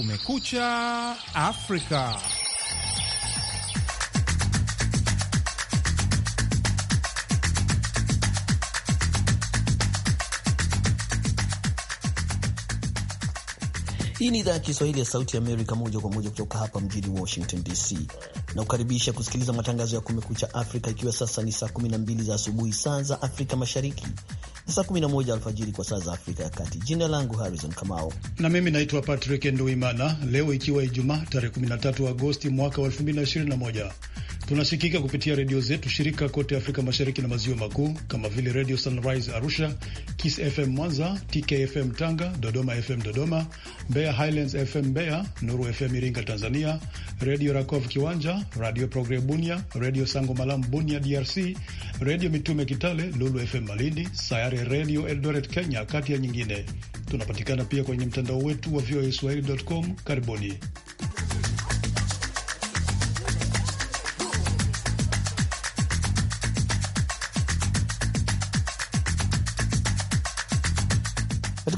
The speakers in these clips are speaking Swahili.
Kumekucha Afrika. Hii ni idhaa ya Kiswahili ya Sauti ya Amerika, moja kwa moja kutoka hapa mjini Washington DC na kukaribisha kusikiliza matangazo ya Kumekucha Afrika, ikiwa sasa ni saa 12 za asubuhi saa za Afrika Mashariki saa 11 alfajiri kwa saa za Afrika ya Kati. Jina langu Harrison Kamao na mimi naitwa Patrick Nduimana. Leo ikiwa Ijumaa tarehe 13 Agosti mwaka wa 2021 Tunasikika kupitia redio zetu shirika kote Afrika Mashariki na Maziwa Makuu, kama vile Radio Sunrise Arusha, Kiss FM Mwanza, TKFM Tanga, Dodoma FM Dodoma, Mbeya Highlands FM Mbeya, Nuru FM Iringa Tanzania, Redio Rakov Kiwanja, Radio Progre Bunia, Redio Sango Malam Bunia DRC, Redio Mitume Kitale, Lulu FM Malindi, Sayare Redio Eldoret Kenya, kati ya nyingine. Tunapatikana pia kwenye mtandao wetu wa voa Swahili.com. Karibuni.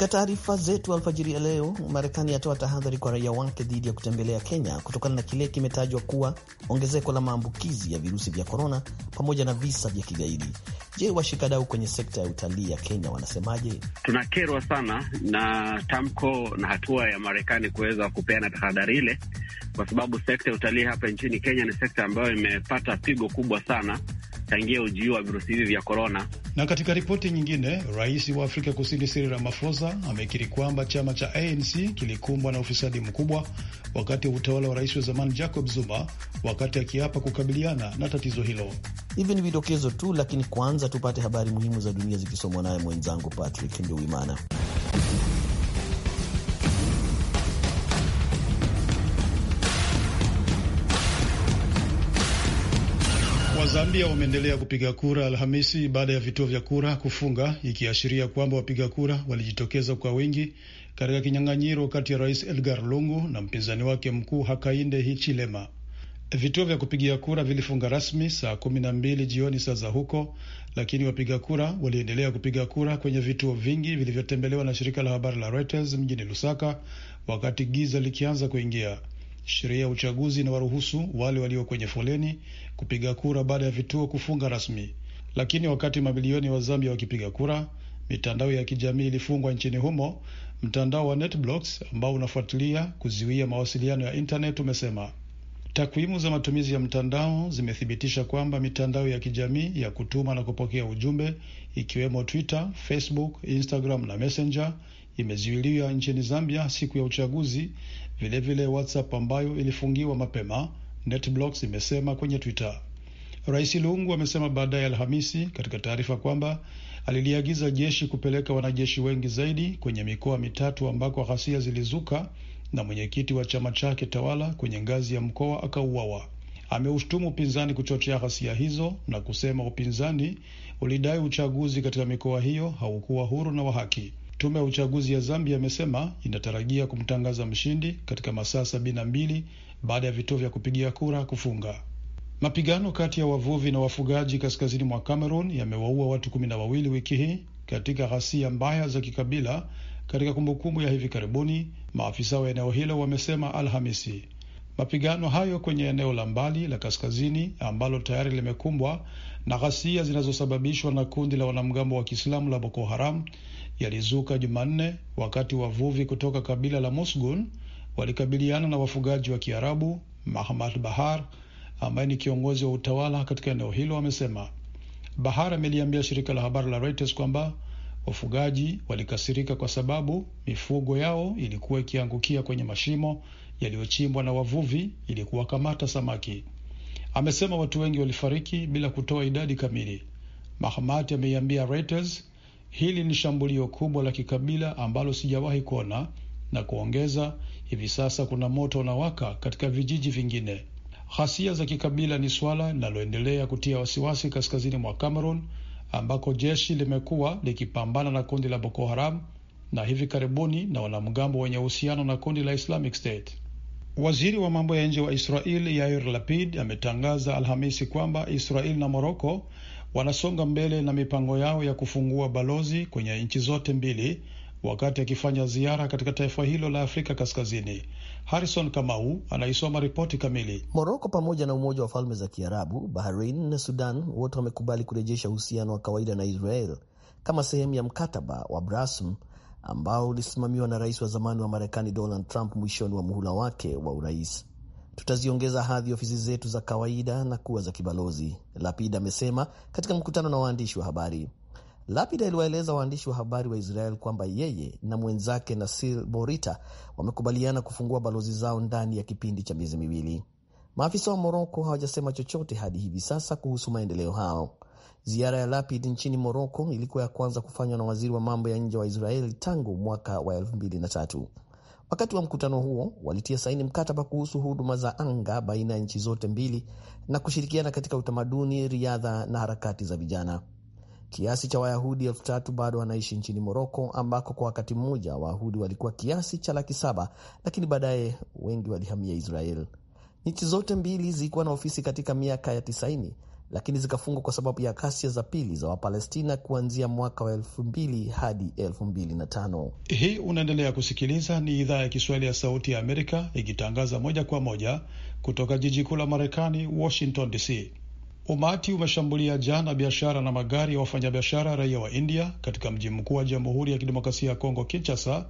Katika taarifa zetu alfajiri ya leo, Marekani yatoa tahadhari kwa raia wake dhidi ya kutembelea Kenya kutokana na kile kimetajwa kuwa ongezeko la maambukizi ya virusi vya korona pamoja na visa vya kigaidi. Je, washikadau kwenye sekta ya utalii ya Kenya wanasemaje? Tunakerwa sana na tamko na hatua ya Marekani kuweza kupeana tahadhari ile, kwa sababu sekta ya utalii hapa nchini Kenya ni sekta ambayo imepata pigo kubwa sana changia ujio wa virusi hivi vya korona. Na katika ripoti nyingine, rais wa Afrika Kusini Cyril Ramaphosa amekiri kwamba chama cha ANC kilikumbwa na ufisadi mkubwa wakati wa utawala wa rais wa zamani Jacob Zuma, wakati akiapa kukabiliana na tatizo hilo. Hivi ni vidokezo tu, lakini kwanza tupate habari muhimu za dunia zikisomwa naye mwenzangu Patrick Nduwimana. zambia wameendelea kupiga kura Alhamisi baada ya vituo vya kura kufunga, ikiashiria kwamba wapiga kura walijitokeza kwa wingi katika kinyang'anyiro kati ya rais Edgar Lungu na mpinzani wake mkuu Hakainde Hichilema. Vituo vya kupigia kura vilifunga rasmi saa kumi na mbili jioni saa za huko, lakini wapiga kura waliendelea kupiga kura kwenye vituo vingi vilivyotembelewa na shirika la habari la Reuters mjini Lusaka wakati giza likianza kuingia. Sheria ya uchaguzi inawaruhusu wale walio kwenye foleni kupiga kura baada ya vituo kufunga rasmi, lakini wakati mabilioni wa Zambia wakipiga kura, mitandao ya kijamii ilifungwa nchini humo. Mtandao wa NetBlocks ambao unafuatilia kuzuia mawasiliano ya intanet umesema takwimu za matumizi ya mtandao zimethibitisha kwamba mitandao ya kijamii ya kutuma na kupokea ujumbe ikiwemo Twitter, Facebook, Instagram na Messenger imezuiliwa nchini Zambia siku ya uchaguzi vilevile WhatsApp ambayo ilifungiwa mapema, NetBlocks imesema kwenye Twitter. Rais Lungu amesema baadaye Alhamisi katika taarifa kwamba aliliagiza jeshi kupeleka wanajeshi wengi zaidi kwenye mikoa mitatu ambako ghasia zilizuka na mwenyekiti wa chama chake tawala kwenye ngazi ya mkoa akauawa. Ameushtumu upinzani kuchochea ghasia hizo na kusema upinzani ulidai uchaguzi katika mikoa hiyo haukuwa huru na wa haki. Tume ya uchaguzi ya Zambia imesema inatarajia kumtangaza mshindi katika masaa sabini na mbili baada ya vituo vya kupigia kura kufunga. Mapigano kati ya wavuvi na wafugaji kaskazini mwa Cameroon yamewaua watu kumi na wawili wiki hii katika ghasia mbaya za kikabila katika kumbukumbu ya hivi karibuni, maafisa wa eneo hilo wamesema Alhamisi. Mapigano hayo kwenye eneo la mbali la kaskazini ambalo tayari limekumbwa na ghasia zinazosababishwa na kundi la wanamgambo wa Kiislamu la Boko Haram yalizuka Jumanne wakati wavuvi kutoka kabila la Musgun walikabiliana na wafugaji wa Kiarabu. Mahamad Bahar ambaye ni kiongozi wa utawala katika eneo hilo amesema. Bahar ameliambia shirika la habari la Reuters kwamba wafugaji walikasirika kwa sababu mifugo yao ilikuwa ikiangukia kwenye mashimo yaliyochimbwa na wavuvi ili kuwakamata samaki. Amesema watu wengi walifariki bila kutoa idadi kamili. Mahamat ameiambia Reuters Hili ni shambulio kubwa la kikabila ambalo sijawahi kuona, na kuongeza, hivi sasa kuna moto unawaka katika vijiji vingine. Ghasia za kikabila ni swala linaloendelea kutia wasiwasi kaskazini mwa Cameroon ambako jeshi limekuwa likipambana na kundi la Boko Haram na hivi karibuni na wanamgambo wenye uhusiano na kundi la Islamic State. Waziri wa mambo ya nje wa Israel Yair Lapid ametangaza Alhamisi kwamba Israel na Moroko wanasonga mbele na mipango yao ya kufungua balozi kwenye nchi zote mbili wakati akifanya ziara katika taifa hilo la Afrika Kaskazini. Harrison Kamau anaisoma ripoti kamili. Moroko pamoja na Umoja wa Falme za Kiarabu, Bahrain na Sudan wote wamekubali kurejesha uhusiano wa kawaida na Israel kama sehemu ya mkataba wa Brasm ambao ulisimamiwa na rais wa zamani wa Marekani Donald Trump mwishoni wa muhula wake wa urais tutaziongeza hadhi ofisi zetu za kawaida na kuwa za kibalozi, Lapid amesema katika mkutano na waandishi wa habari. Lapid aliwaeleza waandishi wa habari wa Israel kwamba yeye na mwenzake Nasir Borita wamekubaliana kufungua balozi zao ndani ya kipindi cha miezi miwili. Maafisa wa Moroko hawajasema chochote hadi hivi sasa kuhusu maendeleo hao. Ziara ya Lapid nchini Moroko ilikuwa ya kwanza kufanywa na waziri wa mambo ya nje wa Israel tangu mwaka wa tatu. Wakati wa mkutano huo walitia saini mkataba kuhusu huduma za anga baina ya nchi zote mbili na kushirikiana katika utamaduni, riadha na harakati za vijana. Kiasi cha Wayahudi elfu tatu bado wanaishi nchini Moroko, ambako kwa wakati mmoja Wayahudi walikuwa kiasi cha laki saba, lakini baadaye wengi walihamia Israel. Nchi zote mbili zilikuwa na ofisi katika miaka ya 90 lakini zikafungwa kwa sababu ya ghasia za pili za Wapalestina kuanzia mwaka wa elfu mbili hadi elfu mbili na tano. Hii unaendelea kusikiliza, ni idhaa ya Kiswahili ya Sauti ya Amerika ikitangaza moja kwa moja kutoka jiji kuu la Marekani, Washington DC. Umati umeshambulia jana biashara na magari ya wafanyabiashara raia wa India katika mji mkuu wa Jamhuri ya Kidemokrasia ya Kongo, Kinshasa,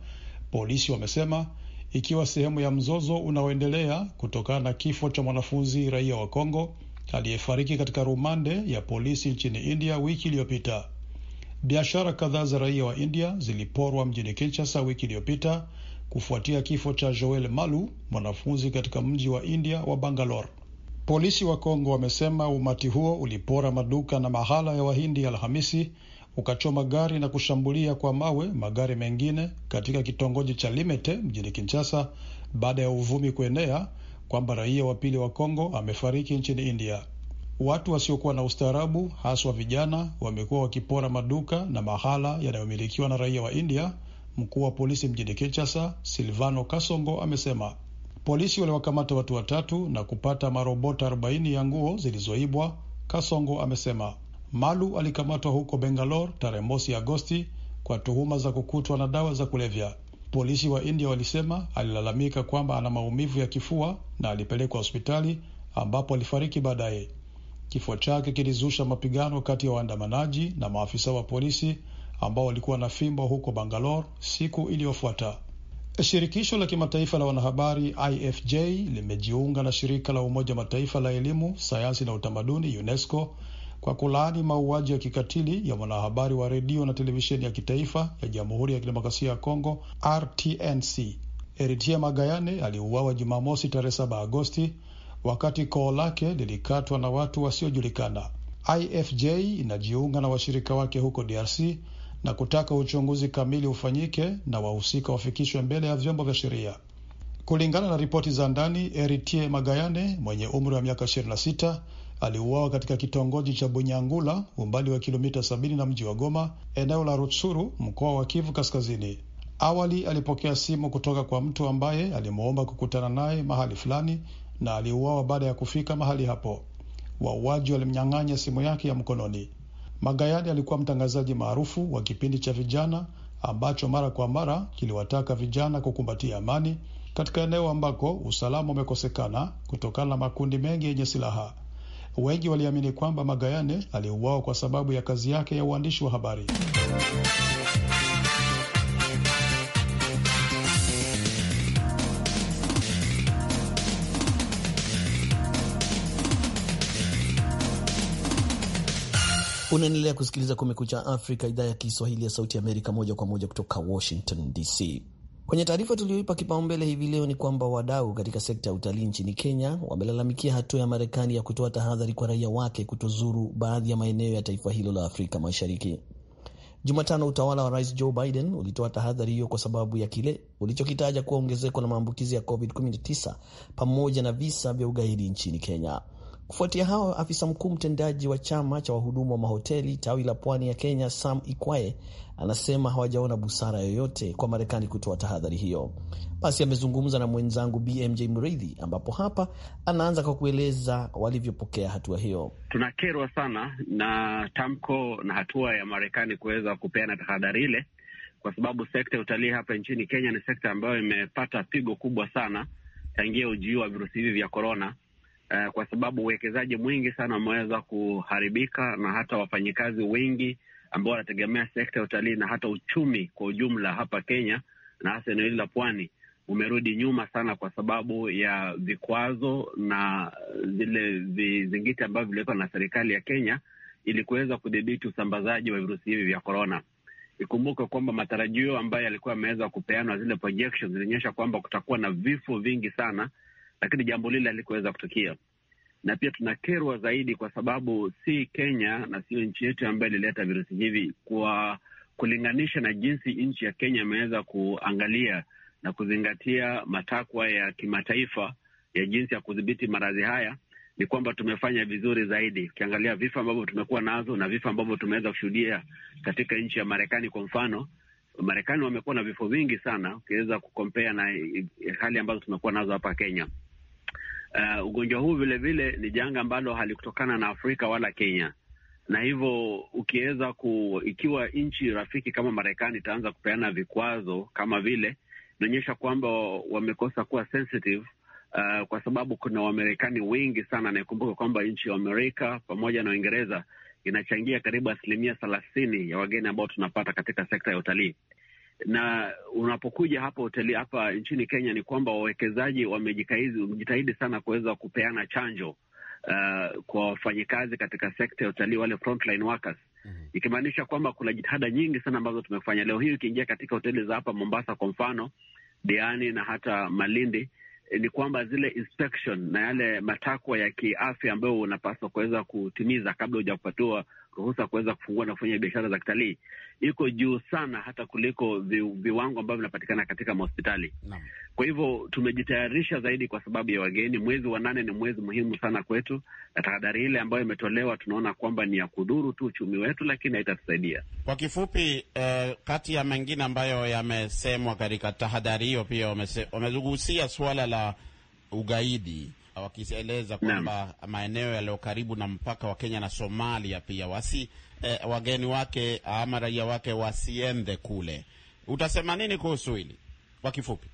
polisi wamesema, ikiwa sehemu ya mzozo unaoendelea kutokana na kifo cha mwanafunzi raia wa Kongo aliyefariki katika rumande ya polisi nchini India wiki iliyopita. Biashara kadhaa za raia wa India ziliporwa mjini Kinshasa wiki iliyopita kufuatia kifo cha Joel Malu, mwanafunzi katika mji wa India wa Bangalore. Polisi wa Kongo wamesema umati huo ulipora maduka na mahala ya Wahindi Alhamisi, ukachoma gari na kushambulia kwa mawe magari mengine katika kitongoji cha Limete mjini Kinshasa baada ya uvumi kuenea kwamba raia wa pili wa Kongo amefariki nchini India. Watu wasiokuwa na ustaarabu, haswa vijana, wamekuwa wakipora maduka na mahala yanayomilikiwa na raia wa India. Mkuu wa polisi mjini Kinshasa, Silvano Kasongo, amesema polisi waliwakamata watu watatu na kupata marobota 40 ya nguo zilizoibwa. Kasongo amesema Malu alikamatwa huko Bengalore tarehe mosi Agosti kwa tuhuma za kukutwa na dawa za kulevya. Polisi wa India walisema alilalamika kwamba ana maumivu ya kifua na alipelekwa hospitali ambapo alifariki baadaye. Kifo chake kilizusha mapigano kati ya waandamanaji na maafisa wa polisi ambao walikuwa na fimbo huko Bangalore siku iliyofuata. Shirikisho la kimataifa la wanahabari IFJ limejiunga na shirika la Umoja Mataifa la elimu, sayansi na utamaduni UNESCO kwa kulaani mauaji ya kikatili ya mwanahabari wa redio na televisheni ya kitaifa ya Jamhuri ya Kidemokrasia ya Kongo RTNC Eritie Magayane aliuawa Jumamosi tarehe 7 Agosti wakati koo lake lilikatwa na watu wasiojulikana. IFJ inajiunga na washirika wake huko DRC na kutaka uchunguzi kamili ufanyike na wahusika wafikishwe mbele ya vyombo vya sheria. Kulingana na ripoti za ndani, Eritie Magayane mwenye umri wa miaka 26 aliuawa katika kitongoji cha Bunyangula, umbali wa kilomita sabini na mji wa Goma, eneo la Rutsuru, mkoa wa Kivu Kaskazini. Awali alipokea simu kutoka kwa mtu ambaye alimwomba kukutana naye mahali fulani, na aliuawa baada ya kufika mahali hapo. Wauaji walimnyang'anya simu yake ya mkononi. Magayadi alikuwa mtangazaji maarufu wa kipindi cha vijana ambacho mara kwa mara kiliwataka vijana kukumbatia amani katika eneo ambako usalama umekosekana kutokana na makundi mengi yenye silaha. Wengi waliamini kwamba Magayane aliuawa kwa sababu ya kazi yake ya uandishi wa habari. Unaendelea kusikiliza Kumekucha Afrika, idhaa ya Kiswahili ya Sauti ya Amerika, moja kwa moja kutoka Washington DC. Kwenye taarifa tuliyoipa kipaumbele hivi leo ni kwamba wadau katika sekta ya utalii nchini Kenya wamelalamikia hatua ya Marekani ya kutoa tahadhari kwa raia wake kutozuru baadhi ya maeneo ya taifa hilo la Afrika Mashariki. Jumatano, utawala wa Rais Joe Biden ulitoa tahadhari hiyo kwa sababu ya kile ulichokitaja kuwa ongezeko la maambukizi ya COVID-19 pamoja na visa vya ugaidi nchini Kenya. Kufuatia hao, afisa mkuu mtendaji wa chama cha wahudumu wa mahoteli tawi la pwani ya Kenya, Sam Ikwae, anasema hawajaona busara yoyote kwa Marekani kutoa tahadhari hiyo. Basi amezungumza na mwenzangu BMJ Mridhi, ambapo hapa anaanza kwa kueleza walivyopokea hatua hiyo. Tunakerwa sana na tamko na hatua ya Marekani kuweza kupeana tahadhari ile, kwa sababu sekta ya utalii hapa nchini Kenya ni sekta ambayo imepata pigo kubwa sana tangia ujio wa virusi hivi vya korona eh, kwa sababu uwekezaji mwingi sana umeweza kuharibika na hata wafanyikazi wengi ambao wanategemea sekta ya utalii na hata uchumi kwa ujumla hapa Kenya na hasa eneo hili la pwani umerudi nyuma sana kwa sababu ya vikwazo na zile vizingiti ambavyo viliwekwa na serikali ya Kenya ili kuweza kudhibiti usambazaji wa virusi hivi vya korona. Ikumbuke kwamba matarajio ambayo yalikuwa yameweza kupeanwa, zile projections zilionyesha kwamba kutakuwa na vifo vingi sana lakini jambo lile halikuweza kutukia. Na pia tunakerwa zaidi kwa sababu si Kenya na sio nchi yetu ambayo ilileta virusi hivi, kwa kulinganisha na jinsi nchi ya Kenya imeweza kuangalia na kuzingatia matakwa ya kimataifa ya jinsi ya kudhibiti maradhi haya ni kwamba tumefanya vizuri zaidi. Ukiangalia vifo ambavyo tumekuwa nazo na vifo ambavyo tumeweza kushuhudia katika nchi ya Marekani, kwa mfano, Marekani wamekuwa na vifo vingi sana, ukiweza kukompea na hali ambazo tumekuwa nazo hapa Kenya. Uh, ugonjwa huu vilevile ni janga ambalo halikutokana na Afrika wala Kenya, na hivyo ukiweza ku, ikiwa nchi rafiki kama Marekani itaanza kupeana vikwazo kama vile, inaonyesha kwamba wamekosa kuwa sensitive uh, kwa sababu kuna Wamarekani wengi sana, na kwamba nchi ya Amerika pamoja na Uingereza inachangia karibu asilimia thelathini ya wageni ambao tunapata katika sekta ya utalii na unapokuja hapa hoteli hapa nchini Kenya ni kwamba wawekezaji wamejitahidi sana kuweza kupeana chanjo uh, kwa wafanyikazi katika sekta ya utalii wale frontline workers mm -hmm. Ikimaanisha kwamba kuna jitihada nyingi sana ambazo tumefanya. Leo hii ukiingia katika hoteli za hapa Mombasa kwa mfano, Diani na hata Malindi eh, ni kwamba zile inspection na yale matakwa ya kiafya ambayo unapaswa kuweza kutimiza kabla huja kupatiwa ruhusa kuweza kufungua na kufanya biashara za kitalii iko juu sana, hata kuliko viwango ambavyo vinapatikana katika mahospitali. Kwa hivyo tumejitayarisha zaidi kwa sababu ya wageni. Mwezi wa nane ni mwezi muhimu sana kwetu, na tahadhari ile ambayo imetolewa tunaona kwamba ni ya kudhuru tu uchumi wetu, lakini haitatusaidia kwa kifupi. Eh, kati ya mengine ambayo yamesemwa katika tahadhari hiyo, pia wamezugusia suala la ugaidi wakieleza kwamba maeneo yaliyo karibu na mpaka wa Kenya na Somalia pia wasi eh, wageni wake ama raia wake wasiende kule. Utasema nini kuhusu hili kwa kifupi?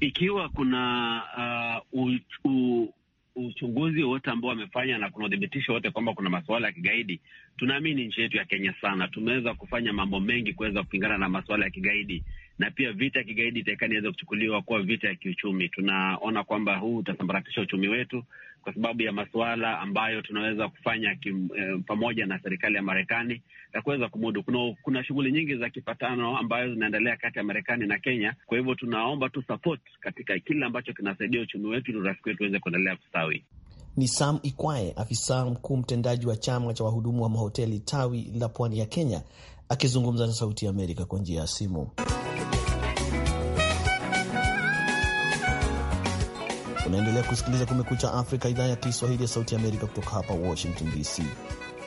Ikiwa kuna uh, u, u, uchunguzi wote ambao wamefanya na kuna udhibitisho wote kwamba kuna masuala ya kigaidi, tunaamini nchi yetu ya Kenya sana, tumeweza kufanya mambo mengi kuweza kupingana na masuala ya kigaidi na pia vita ya kigaidi itaekani iweze kuchukuliwa kuwa vita ya kiuchumi. Tunaona kwamba huu utasambaratisha uchumi wetu kwa sababu ya masuala ambayo tunaweza kufanya kim, eh, pamoja na serikali ya Marekani ya kuweza kumudu. Kuna, kuna shughuli nyingi za kipatano ambayo zinaendelea kati ya Marekani na Kenya. Kwa hivyo tunaomba tu support katika kile ambacho kinasaidia uchumi wetu ili urafiki wetu uweze kuendelea kustawi. Ni Sam Ikwae, afisa mkuu mtendaji wa chama cha wahudumu wa mahoteli tawi la pwani ya Kenya, akizungumza na Sauti ya Amerika kwa njia ya simu. Unaendelea kusikiliza Kumekucha Afrika, idhaa ya Kiswahili ya Sauti Amerika kutoka hapa Washington DC.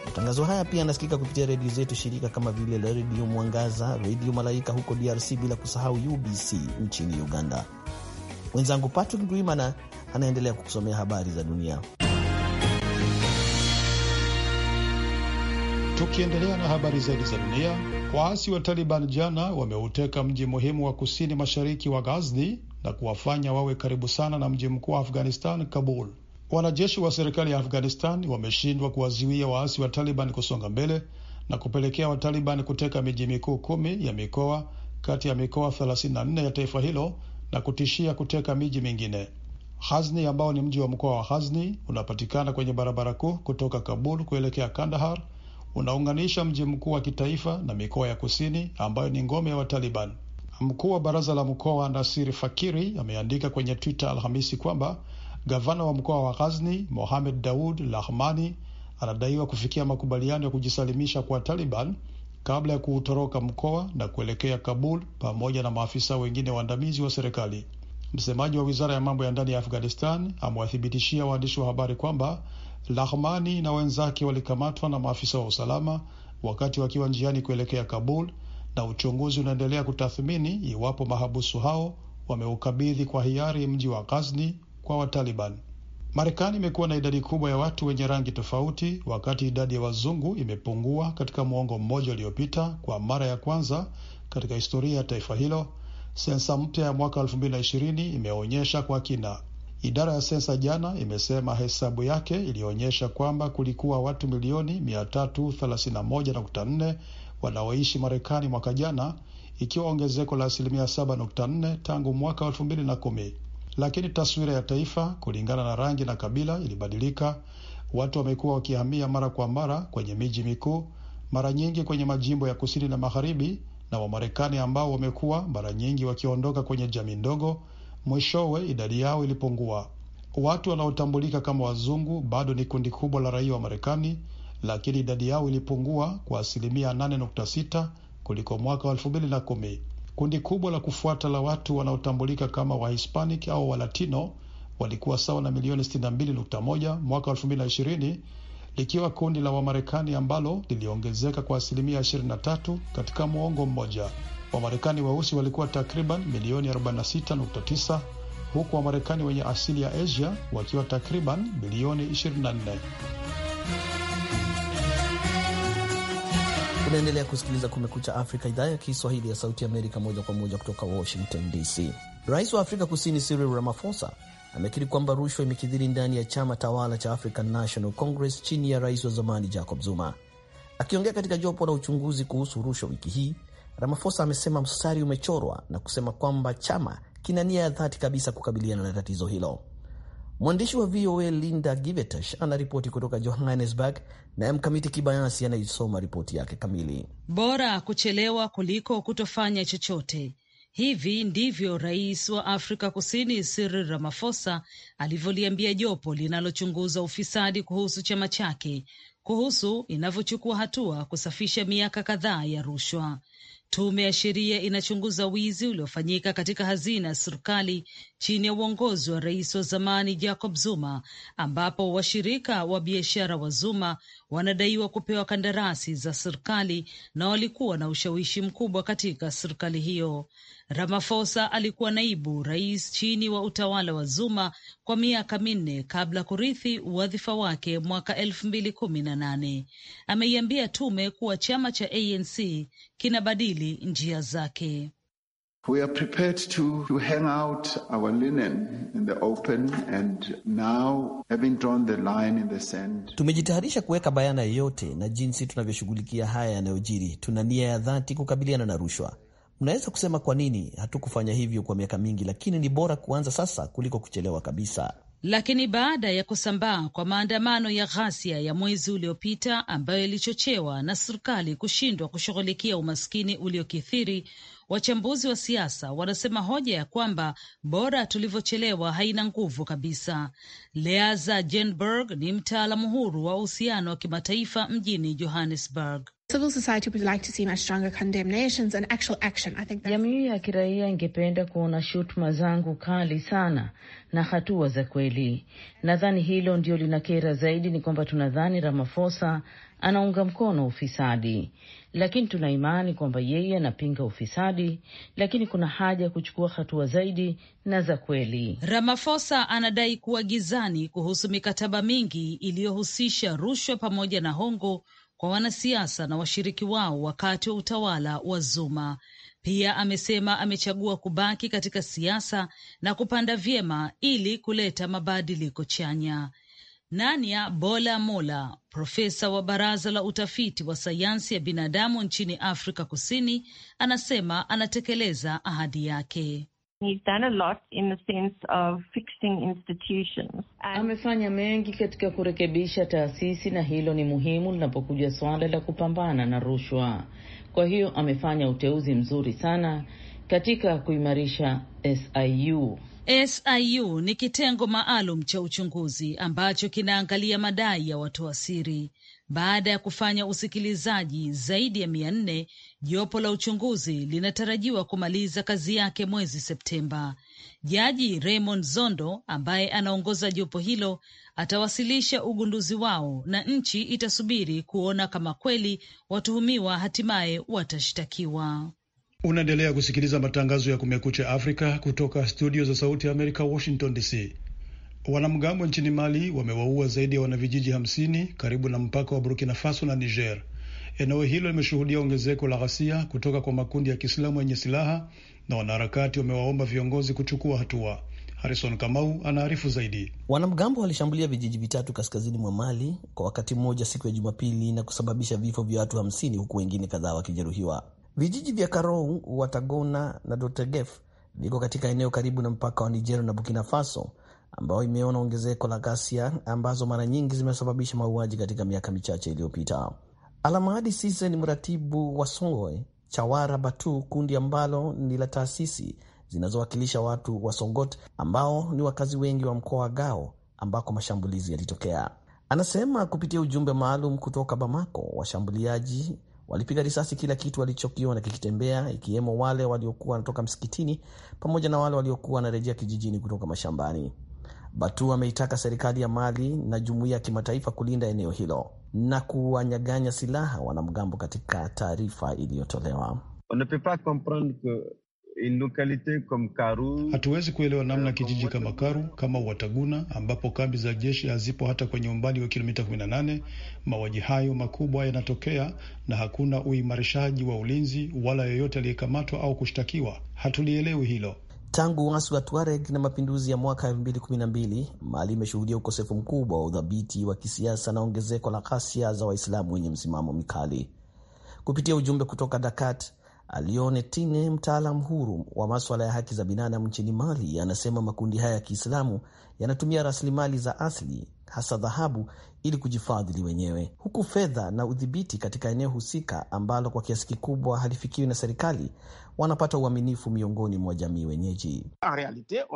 Matangazo haya pia yanasikika kupitia redio zetu shirika kama vile Redio Mwangaza, Redio Malaika huko DRC, bila kusahau UBC nchini Uganda. Mwenzangu Patrick Ndwimana anaendelea kukusomea habari za dunia. Tukiendelea na habari zaidi za dunia, waasi wa Taliban jana wameuteka mji muhimu wa kusini mashariki wa Ghazni na kuwafanya wawe karibu sana na mji mkuu wa Afghanistan, Kabul. Wanajeshi wa serikali ya Afghanistan wameshindwa kuwazuia waasi wa Taliban kusonga mbele na kupelekea Wataliban kuteka miji mikuu kumi ya mikoa kati ya mikoa 34 ya taifa hilo na kutishia kuteka miji mingine. Hazni ambao ni mji wa mkoa wa Hazni unapatikana kwenye barabara kuu kutoka Kabul kuelekea Kandahar, unaunganisha mji mkuu wa kitaifa na mikoa ya kusini ambayo ni ngome ya Wataliban. Mkuu wa baraza la mkoa Nasir Fakiri ameandika kwenye Twitter Alhamisi kwamba gavana wa mkoa wa Ghazni Mohamed Daud Lahmani anadaiwa kufikia makubaliano ya kujisalimisha kwa Taliban kabla ya kuutoroka mkoa na kuelekea Kabul pamoja na maafisa wengine waandamizi wa serikali. Msemaji wa wizara ya mambo ya ndani ya Afghanistan amewathibitishia waandishi wa habari kwamba Lahmani na wenzake walikamatwa na maafisa wa usalama wakati wakiwa njiani kuelekea Kabul na uchunguzi unaendelea kutathmini iwapo mahabusu hao wameukabidhi kwa hiari mji wa Ghazni kwa Wataliban. Marekani imekuwa na idadi kubwa ya watu wenye rangi tofauti, wakati idadi ya wazungu imepungua katika mwongo mmoja uliopita kwa mara ya kwanza katika historia ya taifa hilo. Sensa mpya ya mwaka 2020 imeonyesha kwa kina. Idara ya sensa jana imesema hesabu yake ilionyesha kwamba kulikuwa watu milioni 331.4 wanaoishi Marekani mwaka jana, ikiwa ongezeko la asilimia 7.4 tangu mwaka 2010. Lakini taswira ya taifa kulingana na rangi na kabila ilibadilika. Watu wamekuwa wakihamia mara kwa mara kwenye miji mikuu, mara nyingi kwenye majimbo ya kusini na magharibi, na Wamarekani ambao wamekuwa mara nyingi wakiondoka kwenye jamii ndogo, mwishowe idadi yao ilipungua. Watu wanaotambulika kama wazungu bado ni kundi kubwa la raia wa Marekani lakini idadi yao ilipungua kwa asilimia 8.6 kuliko mwaka wa 2010. Kundi kubwa la kufuata la watu wanaotambulika kama Wahispanic au Walatino walikuwa sawa na milioni 62.1 mwaka 2020, likiwa kundi la Wamarekani ambalo liliongezeka kwa asilimia 23 katika muongo mmoja. Wamarekani weusi walikuwa takriban milioni 46.9 huku Wamarekani wenye asili ya Asia wakiwa takriban milioni 24. Unaendelea kusikiliza Kumekucha Afrika, idhaa ya Kiswahili ya Sauti Amerika, moja kwa moja kutoka Washington DC. Rais wa Afrika Kusini Cyril Ramaphosa amekiri kwamba rushwa imekidhiri ndani ya chama tawala cha African National Congress chini ya rais wa zamani Jacob Zuma. Akiongea katika jopo la uchunguzi kuhusu rushwa wiki hii, Ramaphosa amesema mstari umechorwa na kusema kwamba chama kina nia ya dhati kabisa kukabiliana na tatizo hilo. Mwandishi wa VOA Linda Givetash anaripoti kutoka Johannesburg, naye Mkamiti Kibayasi anaisoma ripoti yake kamili. Bora kuchelewa kuliko kutofanya chochote. Hivi ndivyo rais wa Afrika Kusini Cyril Ramaphosa alivyoliambia jopo linalochunguza ufisadi kuhusu chama chake kuhusu inavyochukua hatua kusafisha miaka kadhaa ya rushwa. Tume ya sheria inachunguza wizi uliofanyika katika hazina ya serikali chini ya uongozi wa rais wa zamani Jacob Zuma, ambapo washirika wa biashara wa Zuma wanadaiwa kupewa kandarasi za serikali na walikuwa na ushawishi mkubwa katika serikali hiyo. Ramaphosa alikuwa naibu rais chini wa utawala wa Zuma kwa miaka minne kabla kurithi wadhifa wake mwaka elfu mbili kumi na nane. Ameiambia tume kuwa chama cha ANC kinabadili njia zake. We are prepared to, to hang out our linen in the open and now having drawn the line in the sand. Tumejitayarisha kuweka bayana yote na jinsi tunavyoshughulikia haya yanayojiri. Tuna nia ya dhati kukabiliana na rushwa. Unaweza kusema kwa nini hatukufanya hivyo kwa miaka mingi, lakini ni bora kuanza sasa kuliko kuchelewa kabisa. Lakini baada ya kusambaa kwa maandamano ya ghasia ya mwezi uliopita ambayo yalichochewa na serikali kushindwa kushughulikia umaskini uliokithiri, Wachambuzi wa siasa wanasema hoja ya kwamba bora tulivyochelewa haina nguvu kabisa. Leaza Jenberg ni mtaalamu huru wa uhusiano wa kimataifa mjini Johannesburg. Jamii ya kiraia ingependa kuona shutuma zangu kali sana na hatua za kweli. Nadhani hilo ndio linakera zaidi, ni kwamba tunadhani Ramaphosa anaunga mkono ufisadi, lakini tuna imani kwamba yeye anapinga ufisadi, lakini kuna haja ya kuchukua hatua zaidi na za kweli. Ramaphosa anadai kuwa gizani kuhusu mikataba mingi iliyohusisha rushwa pamoja na hongo kwa wanasiasa na washiriki wao wakati wa utawala wa Zuma. Pia amesema amechagua kubaki katika siasa na kupanda vyema ili kuleta mabadiliko chanya. Nania Bola Mola, profesa wa baraza la utafiti wa sayansi ya binadamu nchini Afrika Kusini, anasema anatekeleza ahadi yake. Amefanya mengi katika kurekebisha taasisi, na hilo ni muhimu linapokuja suala la kupambana na rushwa. Kwa hiyo amefanya uteuzi mzuri sana katika kuimarisha SIU. SIU ni kitengo maalum cha uchunguzi ambacho kinaangalia madai ya watoa siri. Baada ya kufanya usikilizaji zaidi ya mia nne, jopo la uchunguzi linatarajiwa kumaliza kazi yake mwezi Septemba. Jaji Raymond Zondo ambaye anaongoza jopo hilo atawasilisha ugunduzi wao na nchi itasubiri kuona kama kweli watuhumiwa hatimaye watashtakiwa. Unaendelea kusikiliza matangazo ya Kumekucha Afrika kutoka studio za Sauti ya Amerika, Washington DC. Wanamgambo nchini Mali wamewaua zaidi ya wanavijiji 50 karibu na mpaka wa Burkina Faso na Niger. Eneo hilo limeshuhudia ongezeko la ghasia kutoka kwa makundi ya Kiislamu yenye silaha na wanaharakati wamewaomba viongozi kuchukua hatua. Harison Kamau anaarifu zaidi. Wanamgambo walishambulia vijiji vitatu kaskazini mwa Mali kwa wakati mmoja siku ya Jumapili na kusababisha vifo vya watu hamsini huku wengine kadhaa wakijeruhiwa. Vijiji vya Karou, Watagona na Dotegef viko katika eneo karibu na mpaka wa Niger na Burkina Faso, ambayo imeona ongezeko la ghasia ambazo mara nyingi zimesababisha mauaji katika miaka michache iliyopita. Alamadi Sise ni mratibu wa Songoe Chawara Batu, kundi ambalo ni la taasisi zinazowakilisha watu wa Songot ambao ni wakazi wengi wa mkoa wa Gao ambako mashambulizi yalitokea. Anasema kupitia ujumbe maalum kutoka Bamako, washambuliaji Walipiga risasi kila kitu walichokiona kikitembea, ikiwemo wale waliokuwa wanatoka msikitini pamoja na wale waliokuwa wanarejea kijijini kutoka mashambani. Batu ameitaka serikali ya Mali na jumuiya ya kimataifa kulinda eneo hilo na kuwanyaganya silaha wanamgambo katika taarifa iliyotolewa. Hatuwezi kuelewa euh, namna kijiji kama Karu kama Wataguna ambapo kambi za jeshi hazipo hata kwenye umbali wa kilomita 18. Mauaji hayo makubwa yanatokea na hakuna uimarishaji wa ulinzi wala yoyote aliyekamatwa au kushtakiwa. Hatulielewi hilo. Tangu wasi wa Tuareg na mapinduzi ya mwaka 2012 Mali imeshuhudia ukosefu mkubwa wa udhabiti wa kisiasa na ongezeko la ghasia za Waislamu wenye msimamo mikali. Kupitia ujumbe kutoka Dakat, Alione Tine, mtaalam huru wa maswala ya haki za binadamu nchini Mali, anasema makundi haya ya Kiislamu yanatumia rasilimali za asili hasa dhahabu ili kujifadhili wenyewe, huku fedha na udhibiti katika eneo husika ambalo kwa kiasi kikubwa halifikiwi na serikali wanapata uaminifu miongoni mwa jamii wenyeji. Euh,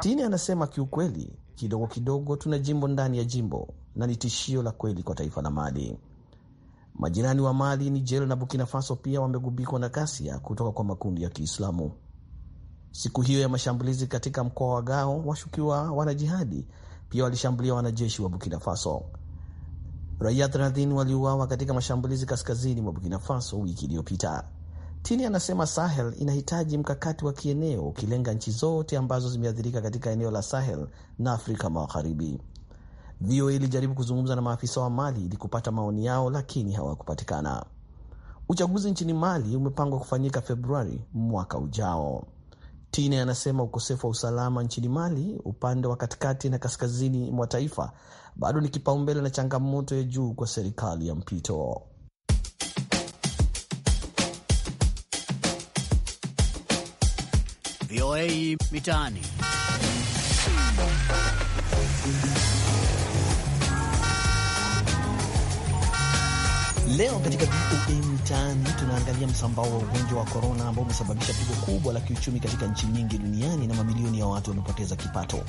Tini anasema kiukweli, kidogo kidogo tuna jimbo ndani ya jimbo na ni tishio la kweli kwa taifa la Mali. Majirani wa Mali, Niger na Burkina Faso pia wamegubikwa na ghasia kutoka kwa makundi ya Kiislamu. Siku hiyo ya mashambulizi katika mkoa wa Gao, washukiwa wanajihadi pia walishambulia wanajeshi wa Burkina Faso. Raia 30 waliuawa katika mashambulizi kaskazini mwa Burkina Faso wiki iliyopita. Tini anasema Sahel inahitaji mkakati wa kieneo ukilenga nchi zote ambazo zimeathirika katika eneo la Sahel na Afrika Magharibi. VOA ilijaribu kuzungumza na maafisa wa Mali ili kupata maoni yao, lakini hawakupatikana. Uchaguzi nchini Mali umepangwa kufanyika Februari mwaka ujao. Tine anasema ukosefu wa usalama nchini Mali upande wa katikati na kaskazini mwa taifa bado ni kipaumbele na changamoto ya juu kwa serikali ya mpito. VOA Mitaani. Leo katika VOA Mtaani tunaangalia msambao wa ugonjwa wa korona ambao umesababisha pigo kubwa la kiuchumi katika nchi nyingi duniani na mamilioni ya watu wamepoteza kipato.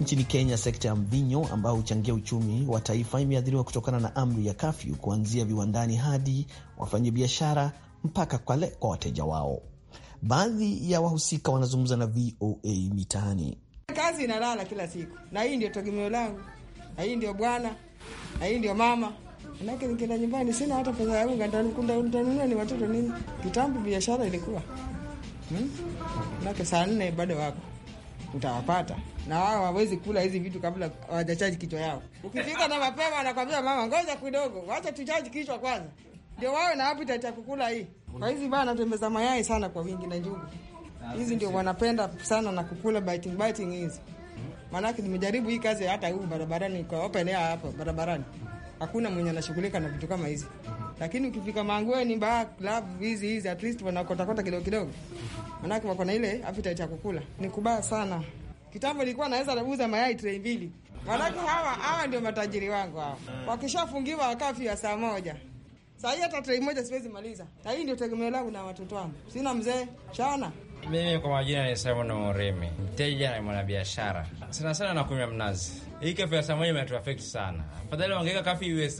Nchini Kenya, sekta ya mvinyo ambayo huchangia uchumi wa taifa imeathiriwa kutokana na amri ya kafyu kuanzia viwandani hadi wafanyabiashara mpaka kale kwa wateja wao. Baadhi ya wahusika wanazungumza na VOA Mitaani. Kazi inalala kila siku, na hii ndio tegemeo langu, na hii ndio bwana, na hii ndio mama Manake nikienda nyumbani sina hata pesa yangu, nitanunua ni watoto nini? Kitambo biashara ilikuwa hmm? Manake saa nne bado wako utawapata na wao wawezi kula hizi vitu kabla hawajachaji kichwa yao. Ukifika na mapema, anakwambia mama, ngoja kidogo, wacha tuchaji kichwa kwanza, ndio wawe na appetite ya kukula hii. Kwa hizi bana tembeza mayai sana kwa wingi na njugu hizi ndio wanapenda sana na kukula biting biting hizi. Maanake nimejaribu hii kazi hata huu barabarani, kwa open air hapo barabarani hakuna mwenye anashughulika na vitu kama hizi. Lakini ukifika Mangweni, ba club hizi hizi, at least wanakotakota kidogo kidogo, manake wako na ile appetite ya kukula. Ni kubaya sana. Kitambo nilikuwa naweza kuuza mayai tray mbili, manake hawa hawa ndio matajiri wangu hawa. Wakishafungiwa wakafi ya saa moja Saa hii hata moja siwezi maliza. Hii ndio tegemeo langu na watoto wangu. Sina mzee shana mimi kwa majina ni Simon Murimi, mteja na mwanabiashara. Sana sana nakunywa mnazi. Hii kafu ya imetu affect sana. Afadhali wangeweka kafu iwe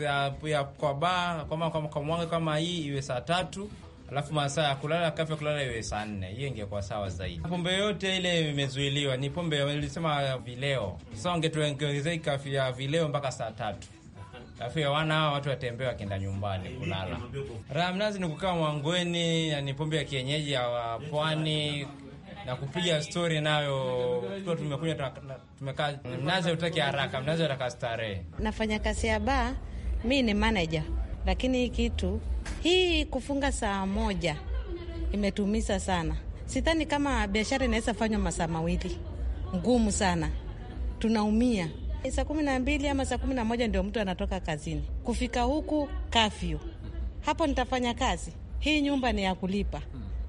ya kwa baa kama kwa mwanga kama hii iwe saa tatu alafu masaa ya kulala kafu ya kulala iwe saa nne. Hiyo ingekuwa sawa zaidi. Pombe yote ile imezuiliwa, ni pombe nilisema vileo. Sasa ungetuongezea kafu ya vileo mpaka saa tatu. Alafu wana watu watembea wakienda nyumbani kulala. Raha mnazi ni kukaa mwangweni, yani pombe ya kienyeji ya pwani na kupiga stori nayo, tukiwa tumekunywa tumekaa. Mnazi utaki haraka, mnazi utaka starehe. Nafanya kazi ya baa, mi ni manaja, lakini hii kitu hii kufunga saa moja imetumisa sana. Sidhani kama biashara inaweza fanywa masaa mawili, ngumu sana, tunaumia saa kumi na mbili ama saa kumi na moja ndio mtu anatoka kazini, kufika huku kafyu. Hapo nitafanya kazi, hii nyumba ni ya kulipa,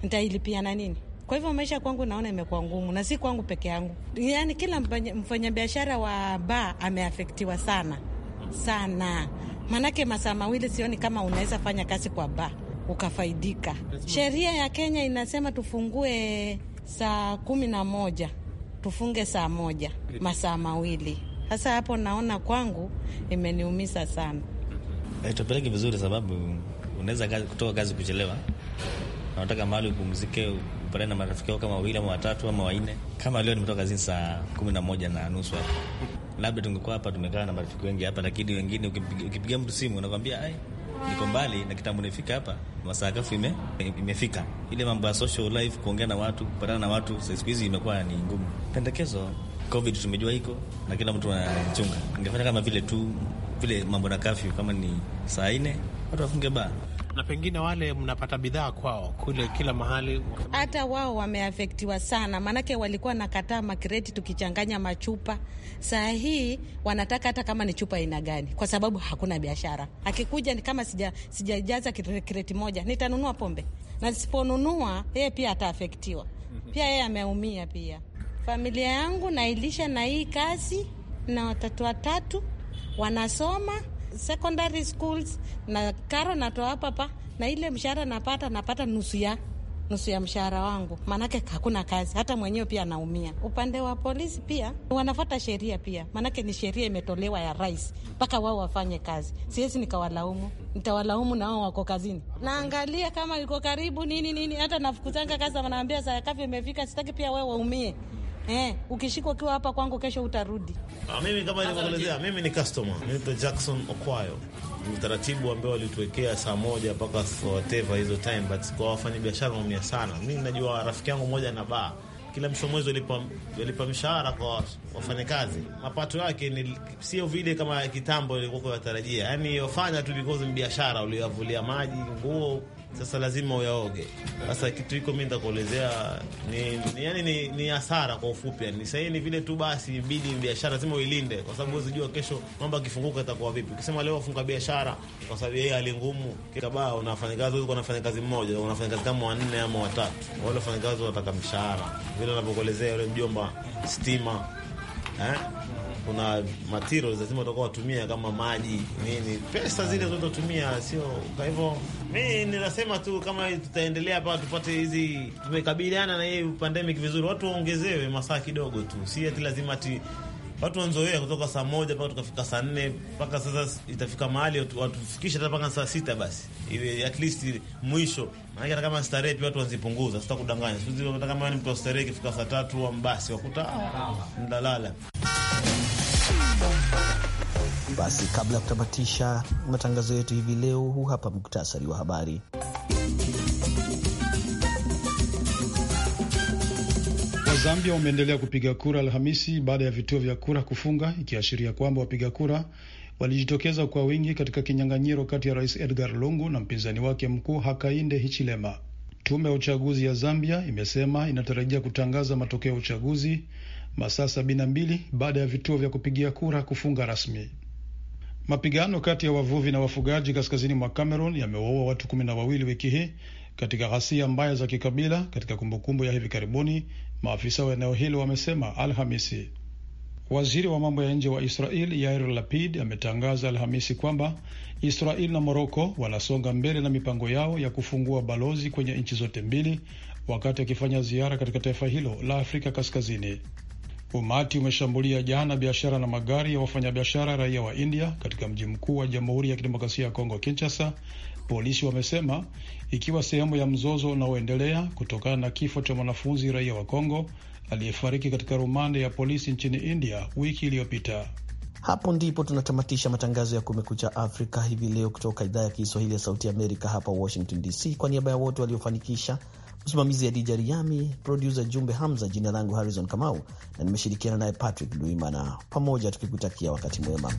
nitailipia na nini? Kwa hivyo maisha kwangu naona imekuwa ngumu, na si kwangu peke yangu, yaani kila mfanyabiashara wa ba ameafektiwa sana sana, maanake masaa mawili sioni kama unaweza fanya kazi kwa ba ukafaidika. Sheria ya Kenya inasema tufungue saa kumi na moja tufunge saa moja masaa mawili sasa hapo naona kwangu imeniumiza sana. Eh, Tupeleki vizuri, sababu unaweza kutoka kazi kuchelewa, nataka mahali upumzike, upatane na marafiki wako kama wawili ama watatu ama wanne. Kama leo nimetoka kazini saa kumi na moja na nusu hapa, labda tungekuwa hapa tumekaa na marafiki wengi hapa, lakini wengine, ukipigia mtu simu unakwambia niko mbali na kitambo nifika hapa, masakafu ime, imefika. Ile mambo ya social life, kuongea na watu, kupatana na watu, siku hizi imekuwa ni ngumu. Pendekezo COVID tumejua iko na kila mtu anachunga. Ningefanya kama vile tu vile mambo na kafyu, kama ni saa nne watu wafunge baa na pengine wale mnapata bidhaa kwao kule kila mahali. Hata wao wameafektiwa sana, maanake walikuwa nakataa makreti tukichanganya machupa. Saa hii wanataka hata kama ni chupa aina gani, kwa sababu hakuna biashara. Akikuja ni kama sija, sijajaza kreti moja, nitanunua pombe, na nisiponunua yeye pia ataafektiwa pia, yeye ameumia pia. Familia yangu nailisha na hii kazi, na watoto watatu wanasoma secondary schools, na karo natoa papa, na ile mshahara napata napata nusu ya nusu ya mshahara wangu, maanake hakuna kazi. Hata mwenyewe pia anaumia. Upande wa polisi pia wanafata sheria pia, maanake ni sheria imetolewa ya rais, mpaka wao wafanye kazi. Siwezi nikawalaumu, nitawalaumu na wao wako kazini. Naangalia kama iko karibu nini nini, hata nafukuzanga kazi, wanaambia saa kafyu imefika, sitaki pia wewe waumie. Eh, ukishikwa ukiwa hapa kwangu kesho utarudi. Ah, mimi kama nilivyoelezea, mimi ni customer. Mimi ni Jackson Okwayo. Utaratibu ambao walituwekea saa moja mpaka whatever hizo time, but kwa biashara waumia sana. Mimi najua rafiki yangu mmoja na baa kila mwisho mwezi walipa mshahara kwa wafanyakazi, mapato yake ni sio vile kama kitambo ilikuwa yatarajia, yaani wafanya tu because ni biashara uliyavulia maji, nguo sasa lazima uyaoge. Sasa kitu hiko mi nitakuelezea ni, ni, yani ni, ni hasara kwa ufupi, ni sahii ni vile tu basi, bidi biashara lazima uilinde, kwa sababu huwezi jua kesho mambo akifunguka itakuwa vipi. Ukisema leo afunga biashara kwa sababu yeye hali ngumu kikabaa, unafanyakazi huko, unafanyakazi mmoja, unafanyakazi kama wanne ama watatu, wale wafanyakazi wanataka mshahara, vile anavyokuelezea yule mjomba stima eh? kuna materials lazima utakuwa watumia kama maji nini, pesa zile zote zototumia sio. Kwa hivyo mi ninasema tu kama tutaendelea hapa tupate hizi, tumekabiliana na hii pandemic vizuri, watu waongezewe masaa kidogo tu, si ati lazima ti watu wanzoea kutoka saa moja mpaka tukafika saa nne mpaka sasa, itafika mahali watufikisha hata mpaka saa sita basi iwe at least mwisho. Maanake hata kama starehe pia watu wanzipunguza, sitakudanganya. Hata kama ni mtu wa starehe, ikifika saa tatu wa wakuta ah, mdalala basi kabla ya kutamatisha matangazo yetu hivi leo, huu hapa muktasari wa habari. Wazambia wameendelea kupiga kura Alhamisi baada ya vituo vya kura kufunga, ikiashiria kwamba wapiga kura walijitokeza kwa wingi katika kinyang'anyiro kati ya rais Edgar Lungu na mpinzani wake mkuu Hakainde Hichilema. Tume ya uchaguzi ya Zambia imesema inatarajia kutangaza matokeo ya uchaguzi masaa mbili baada ya vituo vya kupigia kura kufunga rasmi. Mapigano kati ya wavuvi na wafugaji kaskazini mwa Cameroon yamewaua watu kumi na wawili wiki hii katika ghasia mbaya za kikabila katika kumbukumbu ya hivi karibuni, maafisa wa eneo hilo wamesema Alhamisi. Waziri wa mambo ya nje wa Israel Yair Lapid ametangaza Alhamisi kwamba Israel na Moroko wanasonga mbele na mipango yao ya kufungua balozi kwenye nchi zote mbili, wakati akifanya ziara katika taifa hilo la Afrika Kaskazini. Umati umeshambulia jana biashara na magari ya wafanyabiashara raia wa India katika mji mkuu wa Jamhuri ya Kidemokrasia ya Kongo, Kinshasa, polisi wamesema, ikiwa sehemu ya mzozo unaoendelea kutokana na kifo cha mwanafunzi raia wa Kongo aliyefariki katika rumande ya polisi nchini India wiki iliyopita. Hapo ndipo tunatamatisha matangazo ya Kumekucha Afrika hivi leo kutoka idhaa ya Kiswahili ya Sauti Amerika hapa Washington DC. Kwa niaba ya wote waliofanikisha Msimamizi Adija Riami, produsa Jumbe Hamza. Jina langu Harrison Kamau na nimeshirikiana naye Patrick Duimana, pamoja tukikutakia wakati mwema.